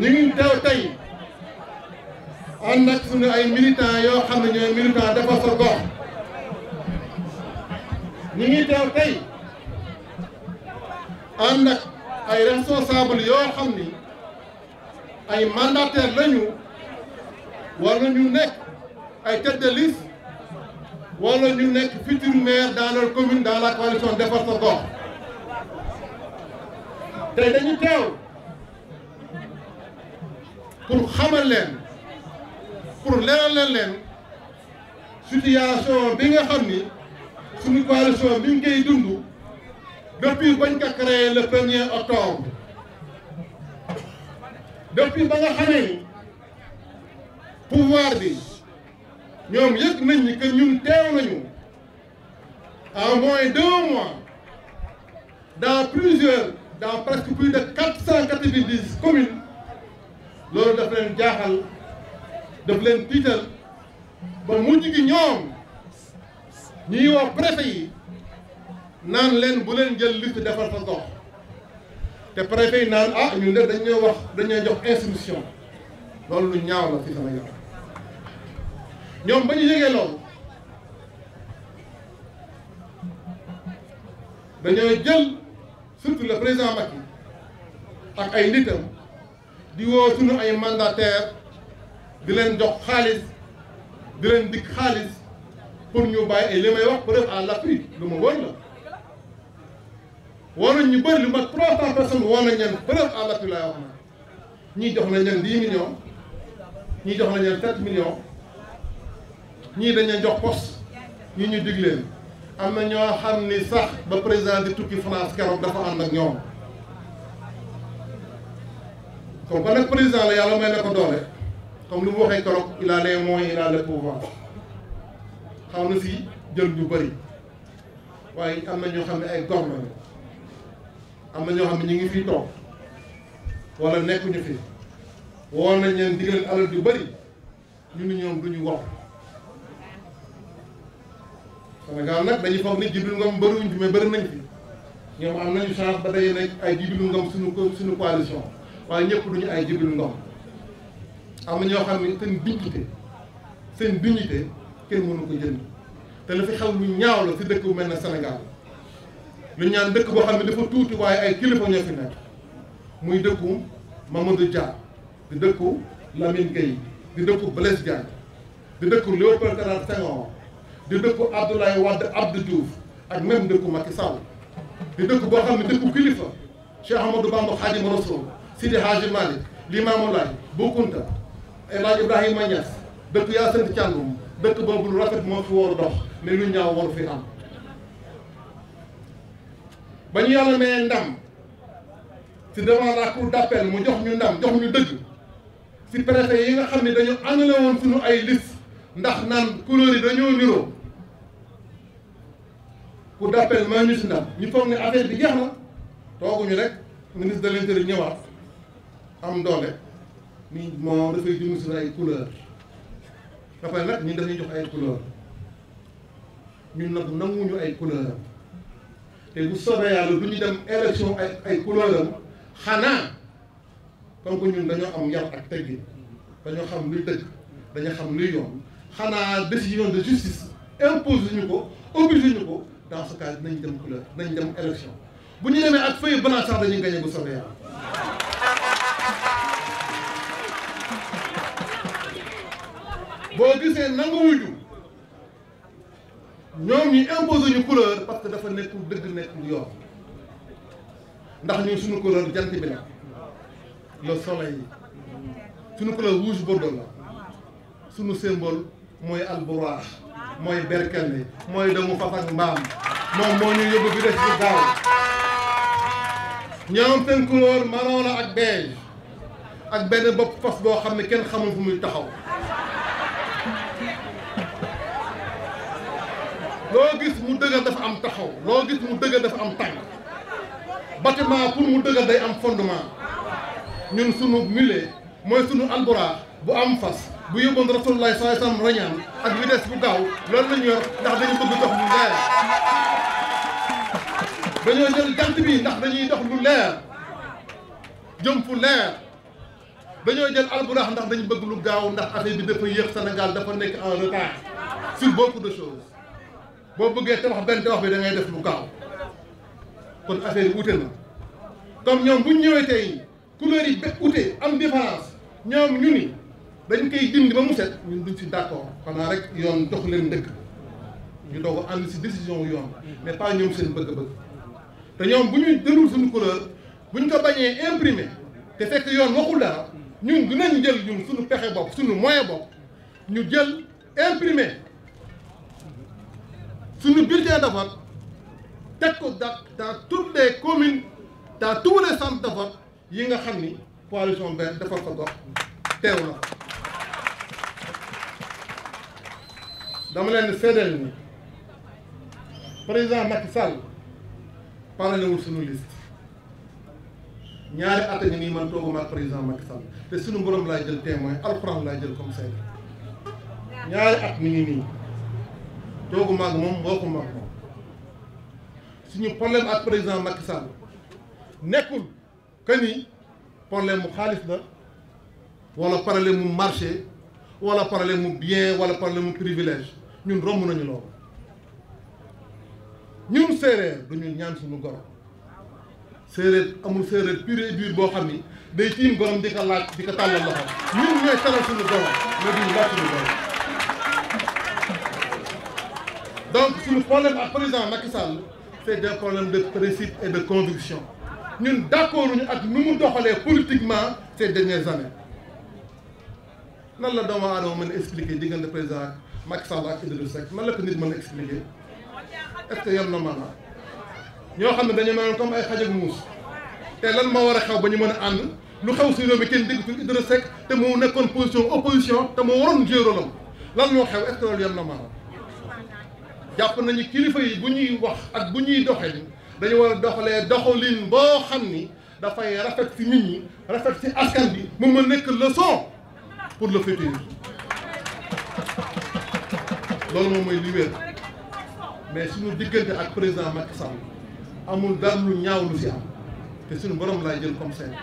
ñu ngi teew tey ànd ak suñu ay militants yoo xam ne ñooy militants defar sa gox ñu ngi teew tey ànd ak ay responsable yoo xam ni ay mandataires lañu war nañu nekk ay tête wala ñu nekk futur maire dans leur commune dans la coalition Defar sa gox te dañu teew pour xamal leen pour leeral leen leen bi nga xam ni suñu coalition bi ngi dund depuis bañ ko créé le premier octobre depuis ba nga xamee ni pouvoir bi ñoom yëg nañ ni que ñun teew nañu en moins d'un mois dans plusieurs dans presque plus de quatre cent quatre-vingt-dix communes loolu daf leen jaaxal daf leen tiital ba mujj gi ñoom ñuy wax préfet yi naan leen bu leen jël liste defar sa gox te préfet yi naan ah ñun de dañ ñoo wax dañ ñoo jox instruction loolu lu ñaaw la ci sama yoon ñoom ba ñu yëgee loolu dañoo jël surtout le président Macky ak ay nitam di woo suñu ay mandataire di leen jox xaalis di leen dikk xaalis pour ñu bàyyi li may wax preuve à l'appui lu ma wër la woo nañ ñu bëri lu ma trois cent personnes woo nañ leen preuve à l'appui laay wax na ñii jox nañ leen dix millions ñii jox nañ leen sept millions ñii dañu jox poste ñi ñu dig am na ñoo xam ni sax ba président di tukki France keroog dafa ànd ak ñoom comme ba nag président la yàlla may na ko doole comme lu mu waxee keroog il a les moyens il a le pouvoir xaw na si jël ñu bëri waaye am na ñoo xam ne ay góor am na ñoo xam ne ñu ngi fii toog wala nekkuñu fi woon nañ leen digal alal yu bëri ñu ni ñoom du ñu Sénégal nag dañuy foog ni Djibril Ngom bëriwuñ fi mais bëri nañ fi ñoom am nañu chance ba day nekk ay Djibril Ngom suñu suñu coalition waaye ñëpp duñu ay Djibril Ngom am na ñoo xam ne seen dignité seen dignité kenn mënu ko jënd te la fi xew lu ñaaw la si dëkk bu mel ne Sénégal lu ñaan dëkk boo xam ne dafa tuuti waaye ay kilifa ñoo fi nekk muy dëkku Mamadou Dia di dëkku Lamine Gueye di dëkku Blaise Diagne di dëkku Léopold Sédar Senghor di dëkku Abdoulaye Wade Abdou Diouf ak même dëkku Macky Sall di dëkk boo xam ne dëkku kilifa Cheikh Amadou Bamba Khadimou Rassoul Sidi Hadji Malick Limamou Laye Boukounta El Hadj Ibrahima Niass dëkk Yacine Thiandoum dëkk boobu lu rafet moo fi war dox mais lu ñaaw waru fi am ba ñu yàlla mayee ndam ci devant la cour mu jox ñu ndam jox ñu dëgg ci préfet yi nga xam ne dañu annulé woon suñu ay liste ndax naan couleur yi dañoo niroo cour d'appel may ni si ndam ñu foog ne affaire bi jeex na tooguñu rek ministre de l'intérieur ñëwaat am doole ni moom dafay dund si ay couleur ba pare nag ñun dañuy jox ay couleur ñu nag nanguwuñu ay couleur am te bu soobee yàlla du ñu dem élection ay couleur xanaa comme que ñun dañoo am yar ak teggin dañoo xam luy dëgg dañoo xam luy yoon xanaa décision de justice impose ñu ko obligé ñu ko dans ce nañu dem couleur dinañ dem élection bu ñu demee ak feuille blanche sax dañuy gagné bu soobee yàlla boo gisee nanguwuñu ñoom ñu imposé ñu couleur parce que dafa nekku dëgg nekkul yoon ndax ñun suñu couleur jant bi la le soleil suñu couleur rouge bordeaux la suñu symbole mooy alburaax mooy berkelle mooy doomu fas ak mbaam moom moo ñu yóbbu bi def ci daaw ñoom seen couleur marron ak beige ak benn bopp fas boo xam ne kenn xamul fu muy taxaw loo gis mu dëgër dafa am taxaw loo gis mu dëgër dafa pour mu dëgër day am fondement ñun sunu mulet mooy sunu alburax bu am fas bu yóbboon rasulullah sallallahu alayhi wasallam rañaan ak vitesse bu gaaw loolu lañu yor ndax dañu bëgg dox lu leer dañoo jël jant bi ndax dañuy dox lu leer jëm fu leer dañoo jël alburax ndax dañu bëgg lu gaaw ndax affaire bi dafa yéex Sénégal dafa nekk en retard sur beaucoup de choses boo bëggee tabax benn tabax bi da def lu gaaw kon affaire yi wute na comme ñoom bu ñu ñëwee tey couleur yi ba wute am différence ñoom ñu ni. dañ koy dindi ba mu set ñun duñ ci d'accord xanaa rek yoon jox leen dëkk ñu doog a ànd ci décision yoon mais pas ñoom seen bëgg-bëgg te ñoom bu ñuy dëlul suñu couleur bu ñu ko bañee imprimer te fekk yoon waxul dara ñun dinañ jël ñun suñu pexe bopp suñu moyen bopp ñu jël imprimer suñu bulletin de vote teg ko dans dans tout les communes dans tout les centres de vote yi nga xam ni coalition benn defar ko dox teew na dama leen seedeel ni président Macky Sall paralewul suñu liste ñaari at a ngi nii man tooguma ak président Macky Sall te suñu mboroom laay jël témoin alxuraan laay jël comme seede ñaari at mi ngi nii tooguma ak moom boo ko mag moom suñu problème ak président Macky Sall nekkul que ni mu xaalis la wala problème mu marché wala problème mu bien wala problème mu privilège ñun romb nañu loolu ñun séeréer duñu ñaan suñu goro séeréer amul séeréer pur et boo xam ni day tiim gorom di ko laaj di ko tàllal loxo ñun ñooy teral suñu goro mais duñu laaj suñu goro donc suñu problème ak président Macky Sall c'est des problèmes de principe et de conviction ñun d'accord ñu ak nu mu doxalee politiquement ces dernières années nan la doomu aadama mën a expliquer diggante président ak Macky Sall ak Idrissa Seck nan la ko nit mën a expliquer est-ce que yoon ñoo xam ne dañu mel tom ay xaj ak muus te lan moo war a xew ba ñu mën a ànd lu xew si réew mi kenn dégg fi Idrissa Seck te moo nekkoon position opposition te mu waroon jouer lan moo xew est-ce que loolu yoon jàpp nañu kilifa yi bu ñuy wax ak bu ñuy doxee dañu war a doxalee doxalin boo xam ni dafay rafet si nit ñi rafet si bi mu ma nekk leçon pour le futur loolu moom mooy li wér mais suñu diggante ak président Macky Sall amul dara lu ñaaw lu si am te suñu borom laay jël comme seen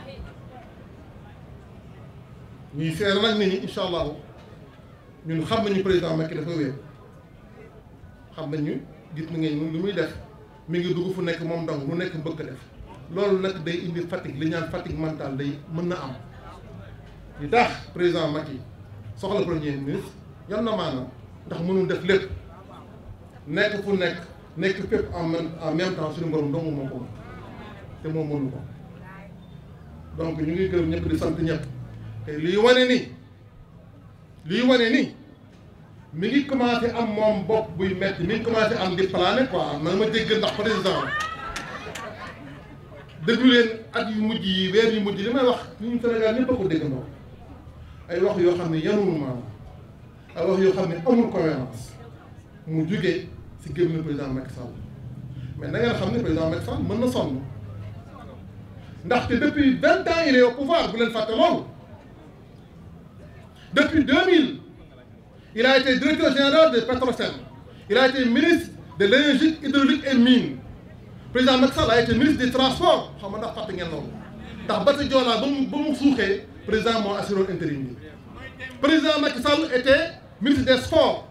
ñuy seer nag nit ñi incha allahu ñun xam nañu président Macky dafa wér xam nañu gis na ngeen lu muy def mi ngi dugg fu nekk moom dong mu nekk mbëkk def loolu nag day indi fatigue li ñaan fatigue mentale day mën na am li tax président yi soxla premier ministre yan na maanaam ndax mënul def lépp nekk fu nekk nekk fépp en même en même temps suñu borom dong moo ko te moom mënu ko donc ñu ngi gërëm ñëpp di sant ñëpp te liy wane ni ni mi ngi commencé am moom bopp buy metti mi ngi commencé am di plané quoi man ma dégg ndax président déglu leen at yu mujj yi weer yu mujj li may wax ñun Sénégal ñëpp a ko déggandoo. ay wax yoo xam ne yanul maanaam ay wax yoo xam ne amul cohérence mu jugee si gémmiñu président Macky Sall mais na ngeen xam ne président Macky Sall mën na sonn ndaxte depuis vingt ans il est au pouvoir bu leen fàtte loolu depuis deux mille il a été directeur général de Petrosen il a été ministre de l'énergie hydraulique et mines président Macky a été ministre des transports xam nga ndax fàtte ngeen loolu ndax bati Joola ba mu ba mu président moo assuré intérim bi président Macky Sall était ministre des sports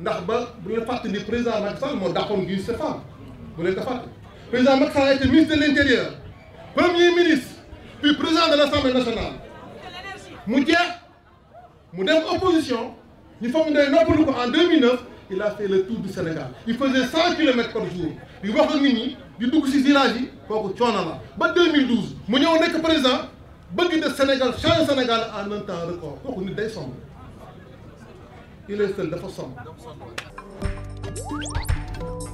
ndax ba bu leen fàtte ni président Macky Sall moo dàqoon Guy Stéphane bu leen ko fàtte président Macky Sall était ministre de l'intérieur premier ministre puis président de l'Assemblée nationale mu jeex mu dem opposition ñu foog ne noppalu ko en 2009 il a fait le tour du Sénégal il faisait 100 kilomètres par jour di wax nit ñi di dugg ci village yi kooku coono la ba mu ñëw nekk président. bëgg de Sénégal changer Sénégal en même temps record kooku nit day somb il est seul dafa somb